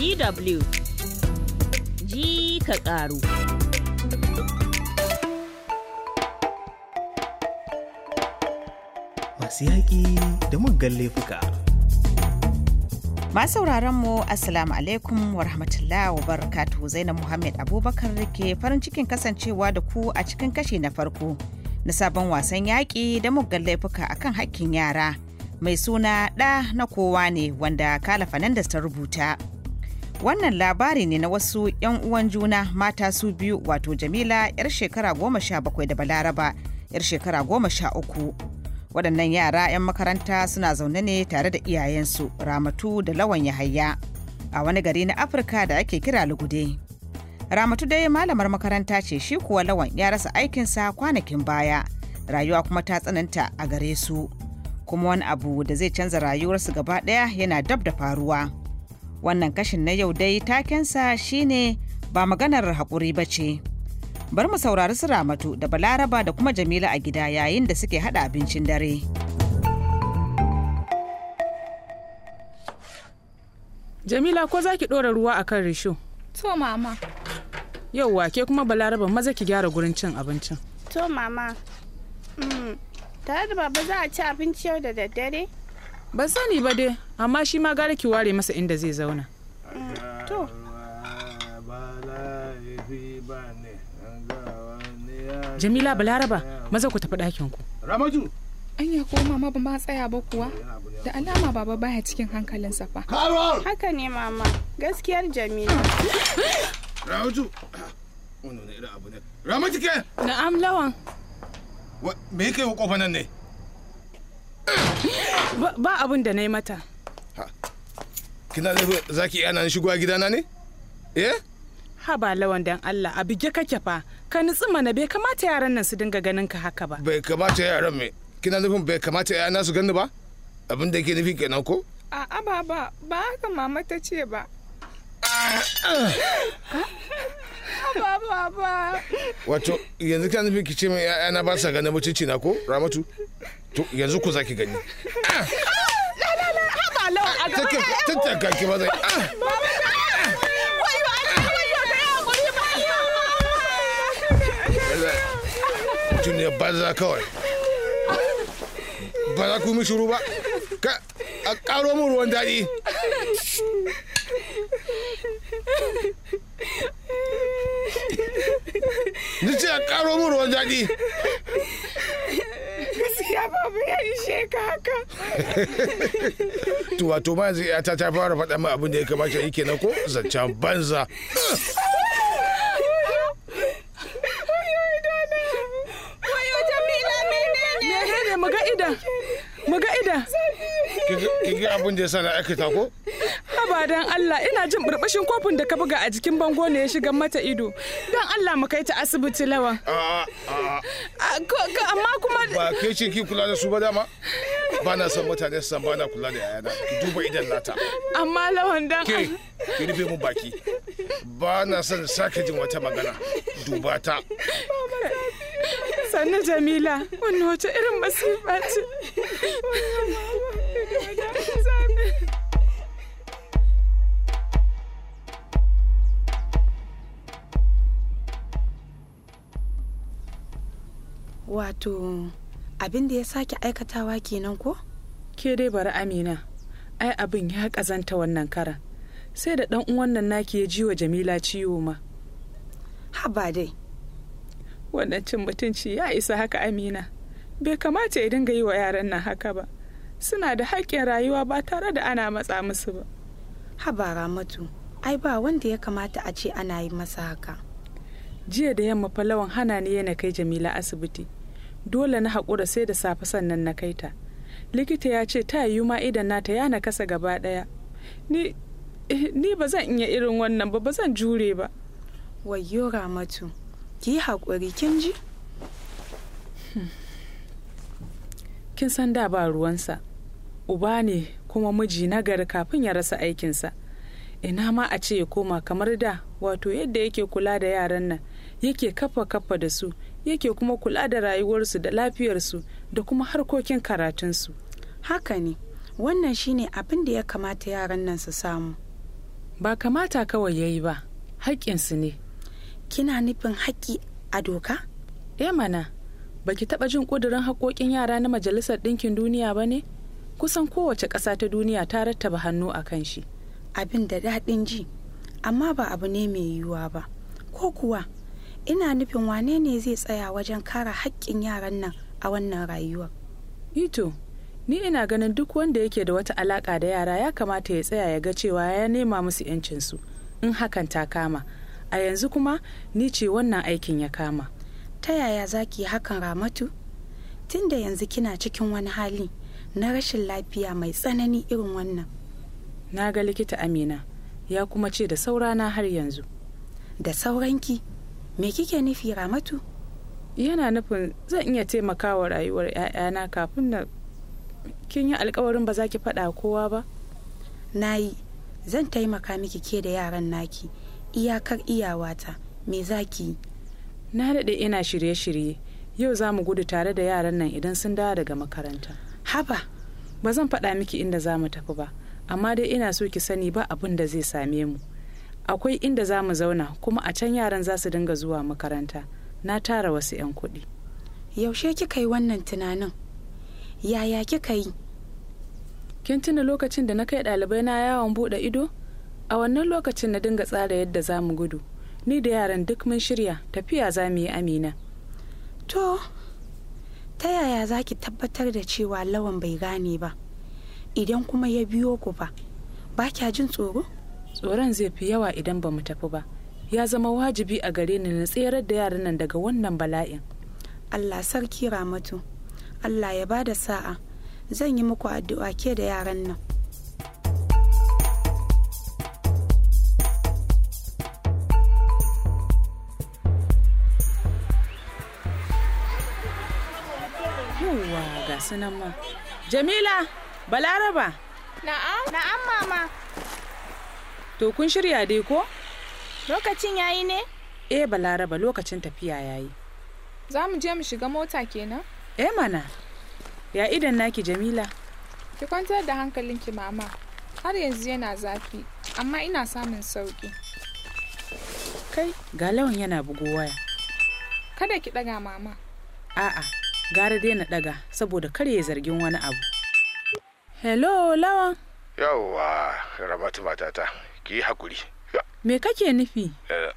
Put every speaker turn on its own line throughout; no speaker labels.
DW ji ka ƙaru.
Masu yaƙi da muggan laifuka.
Masu mu Assalamu alaikum wa rahmatullah wa barakatuhu Zainab Muhammad Abubakar ke farin cikin kasancewa da ku a cikin kashe na farko na sabon wasan yaƙi da muggan laifuka akan hakkin yara mai suna ɗa na kowa ne wanda Kala Fernandez ta rubuta. Wannan labari ne na wasu 'yan uwan juna mata su biyu wato Jamila 'yar shekara goma sha bakwai da Balaraba 'yar shekara goma sha uku. Waɗannan yara 'yan makaranta suna zaune ne tare da iyayensu Ramatu da Lawan Yahaya a wani gari na Afirka da ake kira Lugude. Ramatu dai malamar makaranta ce shi kuwa Lawan ya rasa aikinsa kwanakin baya. Rayuwa kuma ta tsananta a gare su. Kuma wani abu da zai canza rayuwarsu gaba ɗaya yana dab da faruwa. Wannan kashin na yau dai takensa shine ba maganar haƙuri ba ce. Bar mu saurari su Ramatu da Balaraba da kuma Jamila a gida yayin da suke haɗa abincin dare. Jamila ko za ki ɗora ruwa a kan risho? To mama. yau
ke kuma Balaraba maza ki gyara gurin cin abincin. To mama. Mm.
Tare da baba za a ci abinci yau da daddare?
ban sani ba dai amma shi ma gara ki ware masa inda zai zauna to jamila balaraba maza ku tafi ɗakin ku ramaju anya ko mama ba ma tsaya ba kuwa da alama baba baya cikin hankalinsa fa
haka ne mama gaskiyar jamila
ramaju wannan abu ne ramaju ke na'am lawan me yake wa kofa nan ne
Ba abin da na yi mata.
Kina nufin za ki yana shigowa gidana ne? Eh?
Ha ba lawan dan Allah a bige kake fa ka nutsi mana bai kamata yaran nan su dinga ganin ka haka ba. Bai
kamata yaran me kina nufin bai kamata yana su gani ba? Abin da ke nufi kenan ko?
A'a ba ba ba haka mama ta ce ba. Wato
yanzu kan nufin ki ce min ‘ya'yana ba sa ganin mutunci na ko Ramatu? to yanzu ku zaki gani kawai ba za ku ba a karo mu ni ce a ƙaro mu ruwan daɗi kaka to wato ma yanzu ta ta fara faɗa min abin da ya kamata yi kenan ko zancen banza
mu ga ida
ida abin da ya sa na aikata ko
Haba Allah ina jin burbushin kofin da ka buga a jikin bango ne ya shiga mata ido. don Allah mu kai ta asibiti lawan.
Amma kuma ba kai ce ki kula da su ba dama? Ba na san mutane su san ba na kula da yayana. Ki duba idan nata.
Amma lawan dan Ke
ki rufe mu baki. Ba na san sake jin wata magana. Duba ta. Sannu Jamila, wannan wace irin
masifa ce. wato abin da ya sake aikatawa kenan ko ke dai bari amina ai abin ya kazanta wannan karan sai da dan uwan nan naki ya ji wa jamila ciwo ma haba dai wannan cin mutunci ya isa haka amina bai kamata ya dinga yi wa yaran nan haka ba suna da haƙƙin rayuwa ba tare da ana matsa musu ba haba ramatu ai ba wanda ya kamata a ce ana yi masa haka jiya da yamma falawan hana ne yana kai jamila asibiti dole na haƙura sai da safe sannan na kai ta likita ya ce ta yiwu ma idan nata ya nakasa gaba ɗaya ni eh, ni ba zan iya irin wannan ba ba zan jure ba wayo ramatu ki haƙuri kin ji hmm. kin san da ba ruwansa uba ne kuma miji na gari kafin ya rasa aikinsa ina ma a ce ya koma kamar da wato yadda yake kula da yaran nan yake kafa kafa da su yake kuma kula da rayuwarsu da lafiyarsu da kuma harkokin karatunsu haka ne wannan shine abin da ya kamata yaran nan su samu ba kamata kawai yayi yi ba haƙƙinsu ne kina nufin haƙƙi a doka e mana baki taɓa jin ƙudurin haƙoƙin yara na majalisar ɗinkin duniya ba ne kusan kowace ƙasa ta duniya ta rattaba hannu a kan shi abin da daɗin ji amma ba abu ne mai yiwuwa ba ko kuwa ina nufin wane ne zai tsaya wajen kara haƙƙin yaran nan a wannan rayuwar ito ni ina ganin duk wanda yake da wata alaƙa da yara ya kamata ya tsaya ya ga cewa ya nema musu su, in hakan ta kama a yanzu kuma ni ce wannan aikin ya kama ta yaya za ki hakan ramatu tun da yanzu kina cikin wani hali na rashin lafiya mai tsanani irin wannan na ga likita amina ya kuma ce da saurana har yanzu da sauranki me kike nufi ramatu yana nufin zan iya taimakawa rayuwar 'ya'yana kafin na kin yi alkawarin ba za ki faɗa kowa ba na yi zan taimaka miki ke da yaran naki iyakar iyawata me za ki na daɗe ina shirye-shirye yau za mu gudu tare da yaran nan idan sun dawo daga makaranta haba ba zan faɗa miki inda za mu tafi ba amma dai ina so ki sani ba abin da zai same mu akwai inda za mu zauna kuma a can yaran za su dinga zuwa makaranta na tara wasu 'yan kuɗi yaushe kika yi wannan tunanin yaya kika yi kin tuna lokacin da na kai ɗalibai na yawon buɗe ido a wannan lokacin na dinga tsara yadda za mu gudu ni da yaran duk mun shirya tafiya za mu yi amina to ta yaya za ki tabbatar da cewa lawan bai gane ba idan kuma ya biyo ku ba ba kya jin tsoro tsoron zai fi yawa idan ba mu tafi ba ya zama wajibi a gare ni na tserar da yaran nan daga wannan bala'in allah sarki ramatu allah ya bada sa'a zan yi muku addu'a ke da yaran nan yawwa ga sunan ma jamila balaraba
na'am na'am mama
To kun shirya dai ko?
Lokacin yayi ne?
Eh Balaraba lokacin tafiya yayi. Za mu je mu shiga mota kenan? Eh mana. Ya idan naki Jamila? Ki kwantar da hankalinki mama. Har yanzu yana zafi, amma ina samun sauki. Kai, ga lawan yana bugo waya. Kada ki daga mama. A'a, gara dai na daga saboda kar ya zargin wani abu. Hello, lawan.
Yawwa, Rabatu matata. ki yi hakuri
me kake nufi
eh,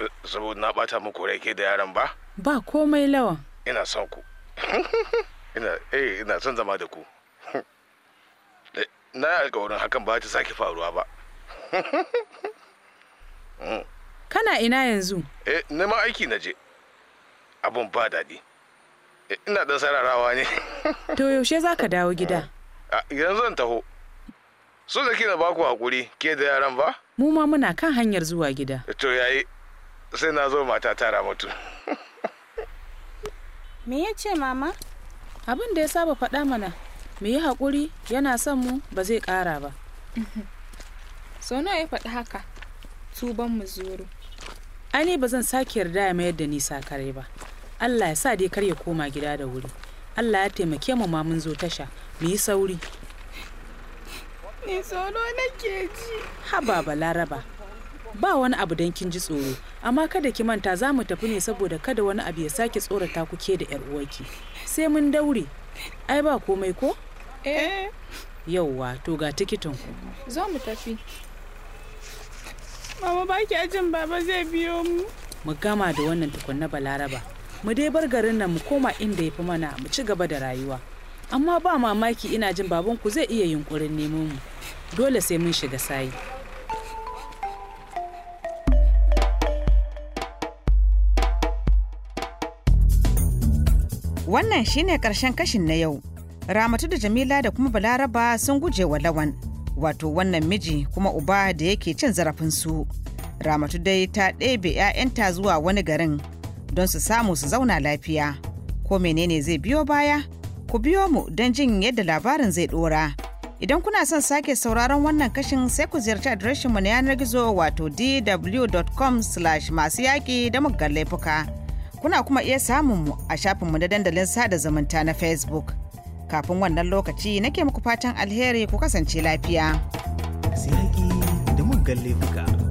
eh, saboda na bata muku rai ke da yaran ba
ba komai lawan
ina son ku ina eh ina son zama da ku eh, na alkawarin hakan ba ta sake faruwa ba
mm. kana ina yanzu
eh neman aiki na je abun ba daɗi ina ɗan sararawa ne
to yaushe za ka dawo gida
yanzu zan taho so da kina ba ku hakuri ke da yaran ba
mu ma muna kan hanyar zuwa gida
to yayi sai na zo mata tara mutu
me ya ce mama abin da ya saba faɗa mana mu yi haƙuri yana son mu ba zai ƙara ba so nawa ya faɗi haka tuban mu zuru ani ba zan sake yarda ya mayar da nisa sakare ba allah ya sa dai kar ya koma gida da wuri allah ya taimake mu ma zo tasha mu yi sauri ne tsoro nake ji haba balaraba ba wani abu don kin ji tsoro amma kada ki manta za mu tafi ne saboda kada wani abu ya sake tsorata ku ke da yar uwarki sai mun daure ai ba komai ko eh yauwa to ga tikitin ku zo mu tafi mama ba ki ajin baba zai biyo mu mu gama da wannan tukunna balaraba mu dai bar garin nan mu koma inda yafi mana mu ci gaba da rayuwa amma ba mamaki ina jin babanku zai iya yunkurin neman mu dole sai mun shiga
sayi wannan shine ƙarshen kashin na yau ramatu da jamila da kuma balaraba sun guje wa lawan wato wannan miji kuma uba da yake cin zarafin su ramatu dai ta ɗebe 'ya'yanta zuwa wani garin don su samu su zauna lafiya ko menene zai biyo baya ku biyo mu don jin yadda labarin zai ɗora. Idan kuna son sake sauraron wannan kashin sai ku ziyarci adireshinmu na yanar gizo wato dw.com slash masu yaƙi da muka laifuka. Kuna kuma iya samun mu a shafinmu na dandalin sada zumunta na Facebook. Kafin wannan lokaci nake muku fatan alheri ku kasance lafiya. Masu
yaƙi da muggan laifuka.